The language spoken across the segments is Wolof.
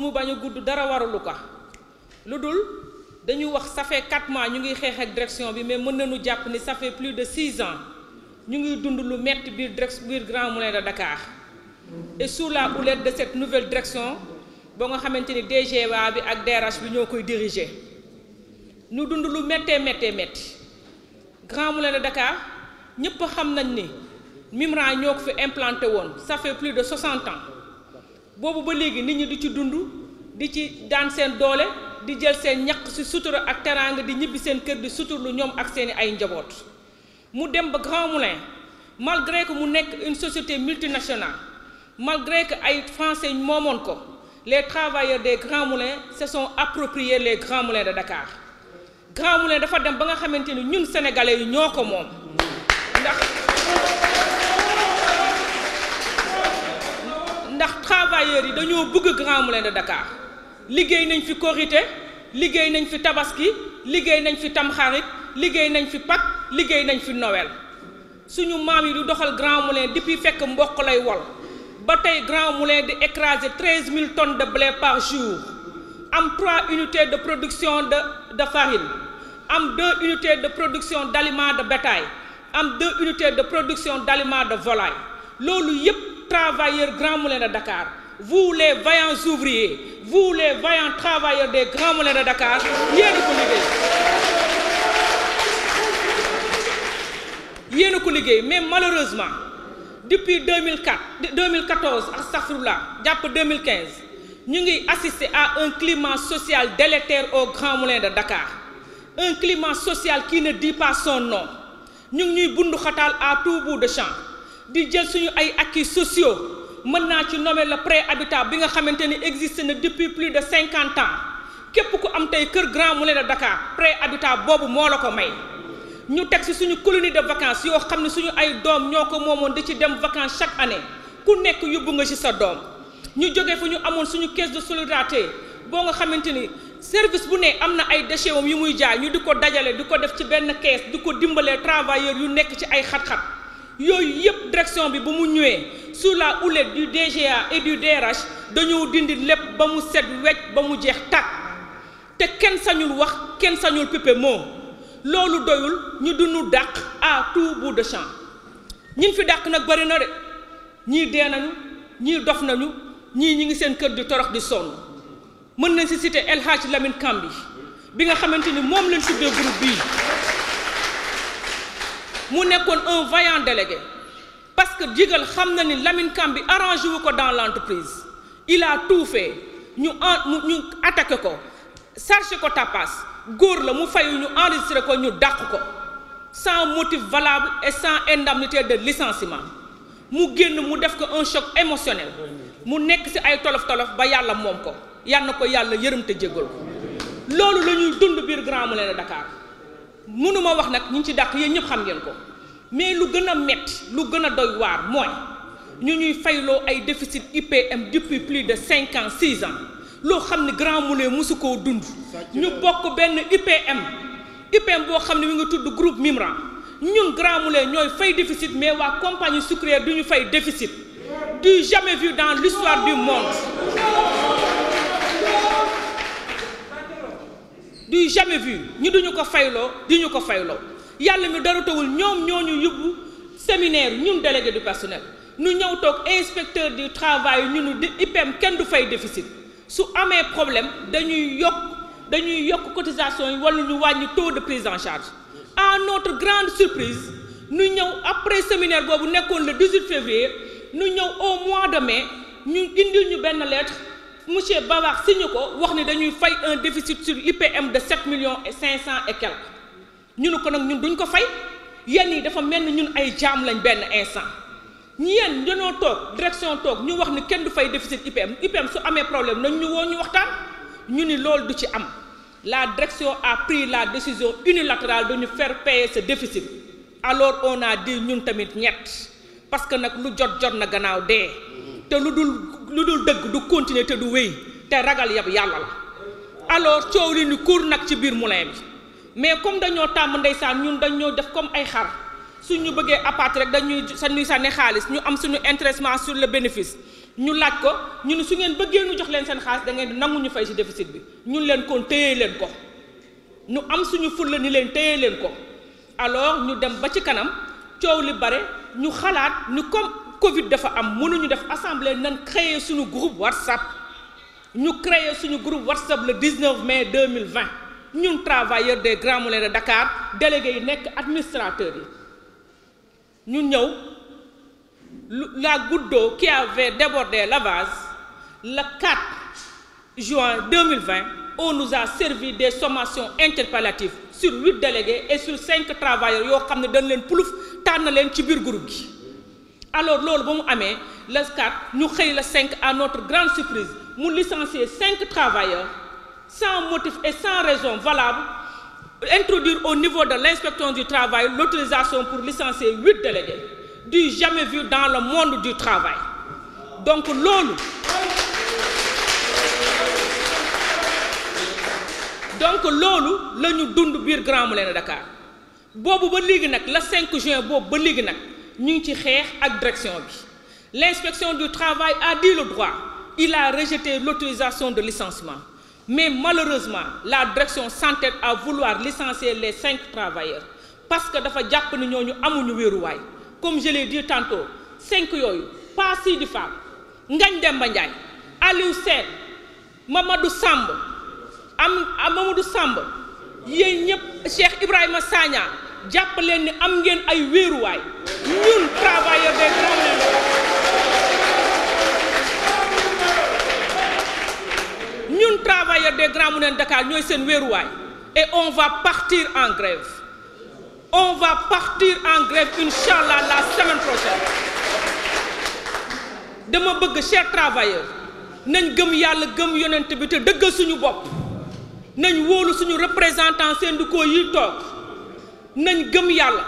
mu bañ a gudd dara warulu ko lu dul dañu wax ça fait 4 ñu ngi xeex ak direction bi mais mën nañu jàpp ni ça plus de 6 ans ñu ngi dund lu metti biir direct biir Grand Moulin de Dakar et sous la houlette de cette nouvelle direction boo nga xamante ni DGA e bi ak DRH bi ñoo koy diriger ñu dund lu méttee méttee métti Grand Moulin de Dakar ñëpp xam nañ ni Mimran ñoo ko fi implanté woon ça fait plus de 60 ans. boobu ba léegi nit ñi di ci dund di ci daan seen doole di jël seen ñaq si sutura ak teraanga di ñibbi seen kër di suturlu ñoom ak seeni ay njaboot mu dem ba Grand Moulin malgré ko mu nekk une société multinationale malgré que ay français moomoon ko les travailleurs des Grands Moulins se sont appropriés les Grands Moulins de Dakar Grands dafa dem ba nga xamante ni ñun sénégalais yi ñoo ko moom. ndax travailleurs yi dañoo bëgg Grand Moulin de Dakar liggéey nañ fi Korité liggéey nañ fi Tabaski liggéey nañ fi Tamxarit liggéey nañ fi Pâques liggéey nañ fi Noël suñu maam yi du doxal Grand Moulin depuis fekk mboq lay wol ba tey Grand Moulin di écraser treize mille tonnes de blé par jour am trois unités de production de de farine am deux unités de production d' aliments de bétail am deux unités de production d' aliments de volaille loolu yëpp. travailleurs Grands Moulins de Dakar vous les vaillants ouvriers vous les vaillants travailleurs de Dakar ko liggéey yéen a ko liggéey mais malheureusement depuis 2004 2014 ak safrula jàpp 2015 ñu ngi assister à un climat social délétère aux Grands Moulins de Dakar un climat social qui ne dit pas nom ñu ngi ñuy bundu xataal à tout bout de champ di jël suñu ay acquis sociaux mën naa ci nommer la pré habitat bi nga xamante ni existe na depuis plus de cinquante ans képp ku am tey kër Grand Moulin de Dakar pré habitat boobu moo la ko may ñu teg si suñu colonie de vacances yoo xam ne suñu ay doom ñoo ko moomoon di ci dem vacances chaque année ku nekk yóbbu nga ci sa doom ñu jógee fu ñu amoon suñu caisse de solidarité boo nga xamante ni service bu ne am na ay déchets wam yu muy jaay ñu di ko dajale di ko def ci benn caisse di ko dimbalee travailleurs yu nekk ci ay xat yooyu yëpp direction bi ba mu ñëwee sous la houlette du DGA et du DRH dañoo dindi lépp ba mu set wecc ba mu jeex tàkk te kenn sañul wax kenn sañul pipe moo loolu doyul ñu dunu dàq à tout bout de champ ñin fi dàq nag bëri na ñii dee nañu ñii dof nañu ñii ñi ngi seen kër di torox di sonn mën nañ ci citer El Hadj Lamine Kambi bi nga xamante ni moom lañ tuddee groupe bii mu nekkoon un vaillant délégué parce que Digal xam na ni Lamine Kam bi arrangé wu ko dans l'entreprise il a tout fait ñu en ñu attaqué ko chargé ko tapas góor la mu fayu ñu enregistré ko ñu dàq ko sans motif valable et sans indemnité de licenciement mu génn mu def ko un choc émotionnel mu nekk ci ay tolof-tolof ba yàlla moom ko yal ko yàlla yërëm te jéggal ko loolu la ñuy dund biir Grand Moulin de Dakar mënuma wax nag ñi ci dàq yéen ñëpp xam ngeen ko mais lu gën a metti lu gën a doy waar mooy ñu ñuy loo ay déficit IPM depuis plus de cinq ans loo xam ne Grand Moulin mosu koo dund ñu bokk benn IPM IPM boo xam ne mi ngi tudd groupe Mimran ñun Grand Moulin ñooy fay déficit mais waa compagnie sucrière du ñu fay déficit du jamais vu dans l'histoire du monde du jamais vu ñu duñu ko fayloo di ñu ko fayloo yàlla mi dara tawul ñoom ñoo ñu yóbbu séminaire ñun délégué du personnel nu ñëw toog inspecteur du travail ñu nu IPM kenn du fay déficit su amee problème dañuy yokk dañuy yokk cotisation yi wala ñu wàññi taux de prise en charge à notre grande surprise ñu ñëw après séminaire boobu nekkoon le 18 février nu ñëw au mois de mai ñu indil ñu benn lettre. monsieur Bavard signé ko wax ni dañuy fay un déficit sur l'IPM de 7 millions et 500 et quelques ñu ne ko nag ñun duñ ko fay yenn yi dafa mel ni ñun ay jaam lañ benn instant ñi yeen dañoo toog direction toog ñu wax ni kenn du fay déficit IPM IPM su amee problème nañ ñu woo ñu waxtaan ñu ni loolu du ci am la direction a pris la décision unilatérale de ñu faire payer ce déficit alors on a dit ñun tamit ñett parce que nag lu jot jot na gannaaw dee te lu dul lu dul dëgg du continuer te du wéy te ragal yab yàlla la alors coow li ni kuur nag ci biir mu moulin bi mais comme dañoo tàmm ndeysaan ñun dañoo def comme ay xar suñu bëggee appart rek dañuy sañuy sànni xaalis ñu am suñu intéressement sur le bénéfice ñu laaj ko ñu ne su ngeen bëggee ñu jox leen seen xaalis da ngeen nangu ñu fay ci déficit bi ñun leen koon téye leen ko ñu am suñu la ni leen téye leen ko alors ñu dem ba ci kanam coow li bare ñu Covid dafa am mënuñu def assemblée nan créer suñu groupe WhatsApp ñu créer suñu groupe WhatsApp le 19 mai 2020 ñun travailleurs des Grands Moulins de Dakar délégués yi nekk administrateurs yi ñu ñëw la goutte d'eau qui avait débordé la vase le 4 juin 2020 on nous a servi des somation interpellatives sur huit délégués et sur cinq travailleurs yoo xam ne dañ leen puluf tànn leen ci biir groupe gi. alors loolu ba mu amee le 4 ñu xëy le cinq à notre grande surprise mu licencier cinq travailleurs sans motif et sans raison valable introduire au niveau de l'inspection du travail l'autorisation pour licencier huit délégués du jamais vu dans le monde du travail donc loolu lañu loolu dund biir Grand Moulin de Dakar boobu ba léegi nag le cinq juin boobu ba léegi nag ñu ngi ci xeex ak direction bi l'inspection du travail a dit le droit il la rejeté l'autorisation de licenciement mais malheureusement la direction s'entête à vouloir licencier les cinq travailleurs parce que dafa jàpp ni ñu amuñu wéeruwaay comme je l'ai dit cinq yooyu pas Sidi Fall Ngagne Demba Ndiaye Aliou Sène Mamadou Samb am Mamadou Samb yéen ñëpp Cheikh Ibrahima Sagna jàpp leen ni am ngeen ay wéeruwaay ñun travailleurs des grands ñun travailleurs des grands moulins de Dakar ñooy seen wéeruwaay et on va partir en grève on va partir en grève inchallah la semaine prochaine dama bëgg chers travailleurs nañ gëm yàlla gëm yonent bi te dëggal suñu bopp nañ wóolu suñu représentant seen syndicaux yi toog nañ gëm yàlla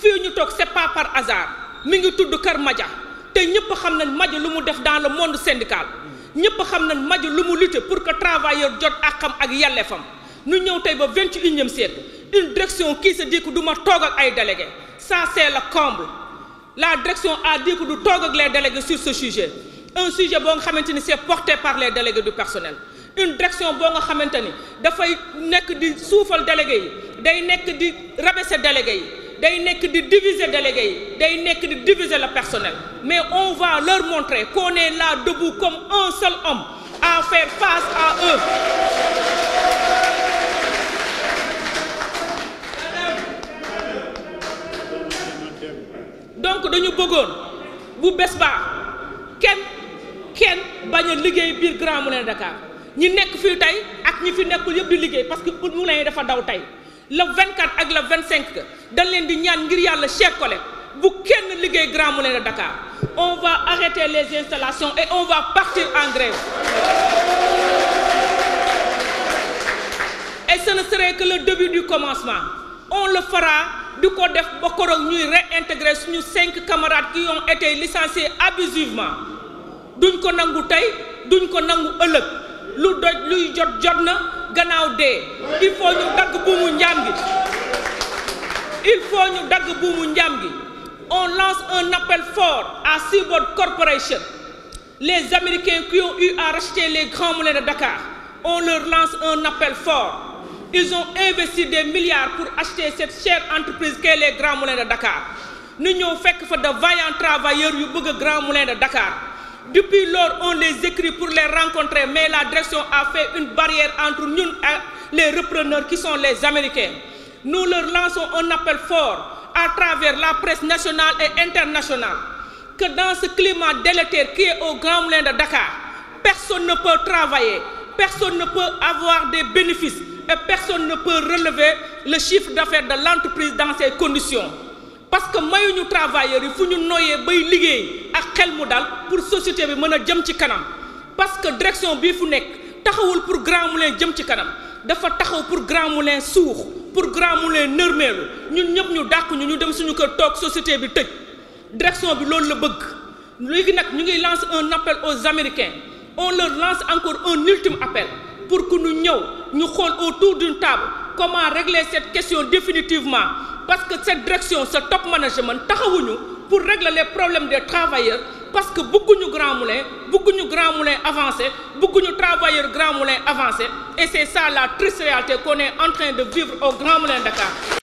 fii ñu toog c'est pas par hasard mi ngi tudd Kër Madia te ñëpp xam nañ Madia lu mu def dans le monde syndical ñëpp xam nañ Madia lu mu lutter pour que travailleur jot àqam ak yelleefam nu ñëw tey ba vingt et unième siècle une direction qui se dit que du ma toog ay délégué sa c'est la comble la direction a dit du toog ak les délégués sur ce sujet un sujet boo nga xamante ni c'est porté par les délégués du personnel une direction boo nga xamante ni dafay nekk di suufal délégué day nekk di rabaisser délégué day nekk di diviser délégué day nekk di diviser personnel mais on va leur montrer qu'on est là debout comme un seul homme à faire donc dañu bëggoon bu bés baa kenn kenn bañ liggéey biir Grand Moulin Dakar ñi nekk fii tey ak ñi fi nekkul yëpp di liggéey parce que pour mu lay dafa daw tey le 24 ak le cinq dañ leen di ñaan ngir yàlla chèque collègue bu kenn liggéey Grand Moulin de Dakar on va arrêter les installations et on va partir en grève et ce ne serait que le début du commencement on la fera di ko def ba koroog ñuy réintégrer suñu cinq camarades qui ont été licenciés abusivement duñ ko nangu tey duñ ko nangu ëllëg lu doj luy jot jot na gannaaw dee il faut ñu dagg buumu njaam gi il faut ñu dagg buumu njaam gi on lance un appel fort à Seaboard Corporation les Américains qui ont eu à racheter les grands moulins de Dakar on leur lance un appel fort ils ont investi des milliards pour acheter cette chère entreprise qu'est les grands moulins de Dakar ñu ñëw fekk fa de vaillants travailleurs yu bëgg a grands moulins de Dakar Depuis lors, on les écrit pour les rencontrer, mais la direction à fait une barrière entre nous à les repreneurs qui sont les Américains. Nous leur lançons un appel fort à travers la presse nationale et internationale que dans ce climat délétère qui est au Grand Moulin de Dakar, personne ne peut travailler, personne ne peut avoir des bénéfices et personne ne peut relever le chiffre d'affaires de l'entreprise dans ces conditions. Parce que nous travailleurs, il faut nous noyer, ak xel mu dal pour société bi mën a jëm ci kanam parce que direction bii fu nekk taxawul pour Grands Moulins jëm ci kanam dafa taxaw pour Grands Moulins suux pour Grands Moulins nërmeelu ñun ñëpp ñu dàq ñu ñu dem suñu kër toog société bi tëj direction bi loolu la bëgg léegi nag ñu ngi lance un appel aux Américains on lance encore un ultime appel pour que ñu ñëw ñu xool autour d'une table comment régler cette question définitivement parce que cette direction ce top management taxawuñu pour régler les problèmes des travailleurs parce que bëgguñu Grands Moulins bëgguñu Grands Moulins avancé bëgguñu travailleurs Grands Moulins avancé et c'est ça la triste réalité qu'on est en train de vivre au Grands Moulins Dakar